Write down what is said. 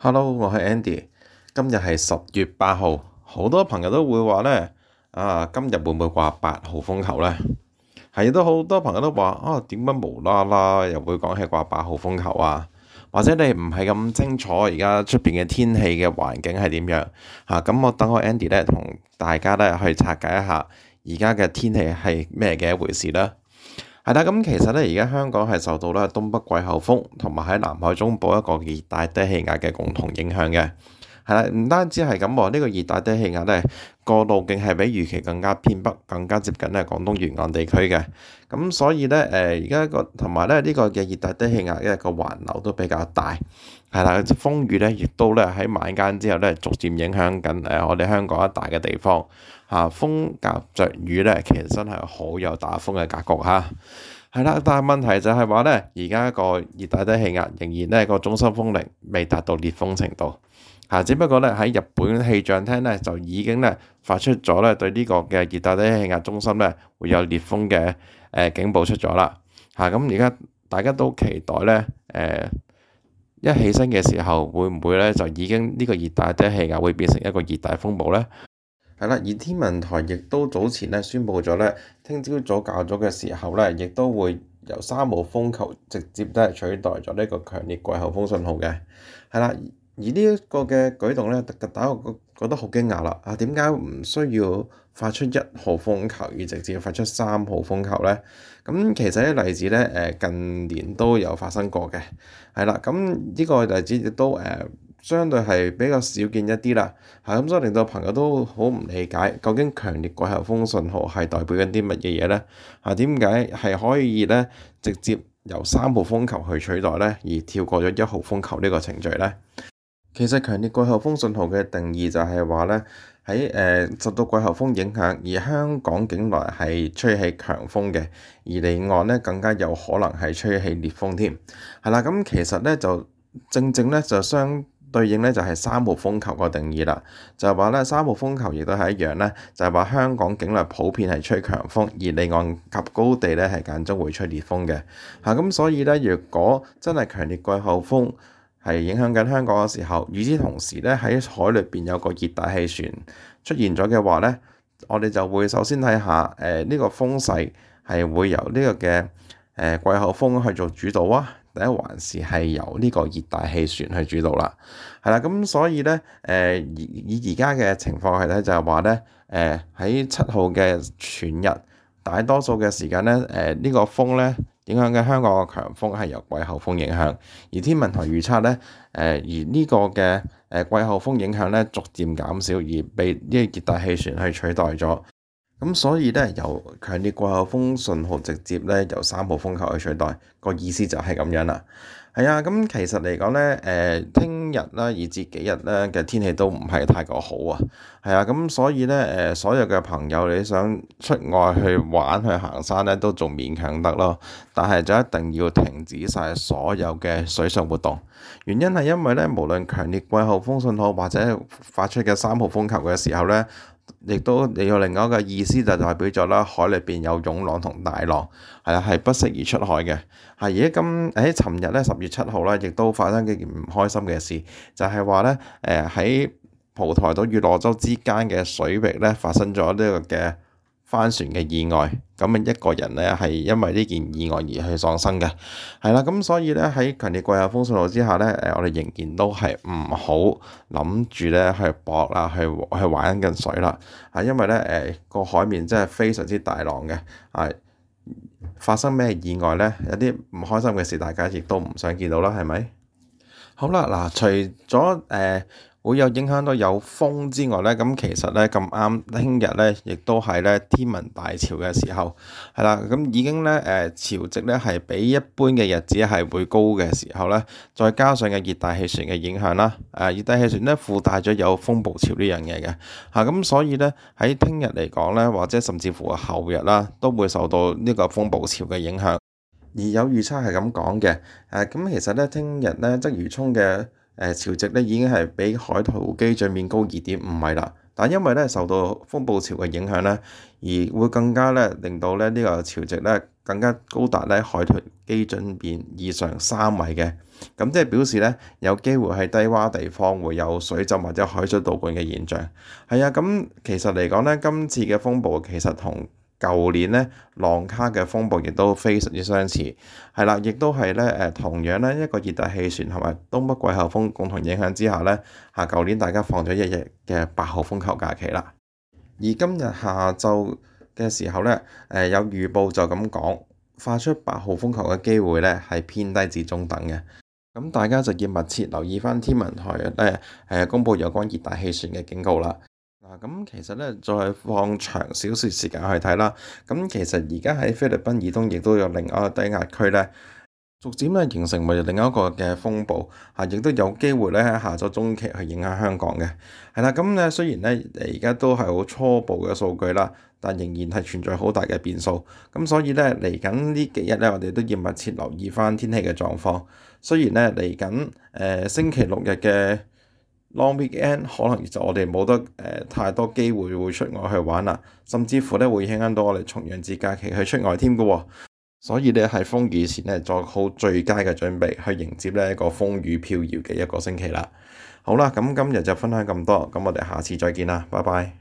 Hello，我係 Andy。今日係十月八號，好多朋友都會話咧，啊，今日會唔會掛八號風球咧？係都好多朋友都話啊，點解無啦啦又會講起掛八號風球啊？或者你唔係咁清楚，而家出邊嘅天氣嘅環境係點樣吓？咁、啊、我等我 Andy 咧，同大家咧去拆解一下而家嘅天氣係咩嘅一回事啦。係啦，咁其實咧，而家香港係受到咧東北季候風同埋喺南海中部一個熱帶低氣壓嘅共同影響嘅。係啦，唔單止係咁喎，這個、熱帶呢個熱帶低氣壓咧個路徑係比預期更加偏北，更加接近咧廣東沿岸地區嘅。咁所以咧誒，而、呃、家個同埋咧呢個嘅熱帶低氣壓咧個環流都比較大，係啦，風雨咧亦都咧喺晚間之後咧逐漸影響緊誒我哋香港一帶嘅地方啊，風夾着雨咧，其實真係好有打風嘅格局嚇。係啦，但係問題就係話咧，而家個熱帶低氣壓仍然咧個中心風力未達到烈風程度。嚇！只不過咧，喺日本氣象廳咧，就已經咧發出咗咧對呢個嘅熱帶低氣壓中心咧，會有烈風嘅誒警報出咗啦。嚇！咁而家大家都期待咧，誒、呃、一起身嘅時候會唔會咧就已經呢個熱帶低氣壓會變成一個熱帶風暴咧？係啦，而天文台亦都早前咧宣布咗咧，聽朝早較早嘅時候咧，亦都會由三號風球直接都係取代咗呢個強烈季候風信號嘅。係啦。而呢一個嘅舉動咧，特特打我覺覺得好驚訝啦！啊，點解唔需要發出一號風球，而直接發出三號風球咧？咁其實啲例子咧，誒近年都有發生過嘅，係啦。咁呢個例子亦都誒、呃、相對係比較少見一啲啦。係咁，所以令到朋友都好唔理解，究竟強烈季候風信號係代表緊啲乜嘢嘢咧？啊，點解係可以咧直接由三號風球去取代咧，而跳過咗一號風球呢個程序咧？其實強烈季候風信號嘅定義就係話咧，喺誒、呃、受到季候風影響，而香港境內係吹起強風嘅，而離岸咧更加有可能係吹起烈風添。係啦，咁、嗯、其實咧就正正咧就相對應咧就係、是、三號風球個定義啦，就係話咧三號風球亦都係一樣咧，就係、是、話香港境內普遍係吹強風，而離岸及高地咧係間中會吹烈風嘅。嚇咁、嗯、所以咧，若果真係強烈季候風，係影響緊香港嘅時候，與此同時咧，喺海裏邊有個熱帶氣旋出現咗嘅話咧，我哋就會首先睇下，誒、呃、呢、這個風勢係會由呢個嘅誒、呃、季候風去做主導啊，第一還是係由呢個熱帶氣旋去主導啦、啊，係啦，咁所以咧，誒、呃、以而家嘅情況係咧，就係話咧，誒喺七號嘅全日大多數嘅時間咧，誒、呃、呢、這個風咧。影響嘅香港嘅強風係由季候風影響，而天文台預測咧，誒、呃、而呢個嘅誒季候風影響咧，逐漸減少，而被呢個熱帶氣旋去取代咗。咁所以咧，由強烈季候風信號直接咧，由三號風球去取代，個意思就係咁樣啦。係啊，咁其實嚟講咧，誒、呃，聽日啦，以至幾日咧嘅天氣都唔係太過好啊。係啊，咁所以咧，誒、呃，所有嘅朋友，你想出外去玩去行山咧，都仲勉強得咯。但係就一定要停止晒所有嘅水上活動。原因係因為咧，無論強烈季候風信號或者發出嘅三號風球嘅時候咧，亦都有另外一個意思，就代表咗啦，海裏邊有湧浪同大浪，係啦，係不適宜出海嘅。係而家今喺尋日咧，十月七號咧，亦都發生幾件唔開心嘅事，就係話咧，誒喺蒲台島與螺洲之間嘅水域咧，發生咗呢個嘅。翻船嘅意外，咁啊一個人咧係因為呢件意外而去喪生嘅，係啦，咁所以咧喺強烈季候風信號之下咧，誒我哋仍然都係唔好諗住咧去搏啦，去去玩緊水啦，係因為咧誒個海面真係非常之大浪嘅，啊發生咩意外咧，有啲唔開心嘅事，大家亦都唔想見到啦，係咪？好啦，嗱、呃，除咗誒。呃會有影響到有風之外呢。咁其實呢，咁啱聽日呢，亦都係呢天文大潮嘅時候，係啦，咁已經呢，誒潮汐呢係比一般嘅日子係會高嘅時候呢，再加上嘅熱帶氣旋嘅影響啦，誒熱帶氣旋呢，帶附帶咗有風暴潮呢樣嘢嘅，嚇、啊、咁所以呢，喺聽日嚟講呢，或者甚至乎後日啦，都會受到呢個風暴潮嘅影響，而有預測係咁講嘅，誒、啊、咁其實呢，聽日呢，則如沖嘅。誒潮汐咧已經係比海圖基準面高二點五米啦，但因為咧受到風暴潮嘅影響咧，而會更加咧令到咧呢個潮汐咧更加高達咧海圖基準面以上三米嘅，咁即係表示咧有機會喺低窪地方會有水浸或者海水倒灌嘅現象。係啊，咁其實嚟講咧，今次嘅風暴其實同。舊年呢，浪卡嘅風暴亦都非常之相似，係啦，亦都係呢誒，同樣呢一個熱帶氣旋同埋東北季候風共同影響之下呢。嚇舊年大家放咗一日嘅八號風球假期啦。而今日下晝嘅時候呢，誒有預報就咁講，發出八號風球嘅機會呢係偏低至中等嘅，咁大家就要密切留意返天文台誒誒公佈有關熱帶氣旋嘅警告啦。咁、啊、其實咧，再放長少少時間去睇啦。咁其實而家喺菲律賓以東，亦都有另一個低壓區咧，逐漸咧形成為另一個嘅風暴，嚇、啊，亦都有機會咧喺下週中期去影響香港嘅。係啦，咁、嗯、咧雖然咧而家都係好初步嘅數據啦，但仍然係存在好大嘅變數。咁所以咧嚟緊呢幾日咧，我哋都要密切留意翻天氣嘅狀況。雖然咧嚟緊誒星期六日嘅，Long weekend 可能就我哋冇得誒、呃、太多機會會出外去玩啦，甚至乎咧會影響到我哋重陽節假期去出外添嘅喎，所以咧喺風雨前咧做好最佳嘅準備去迎接呢一個風雨飄搖嘅一個星期啦。好啦，咁今日就分享咁多，咁我哋下次再見啦，拜拜。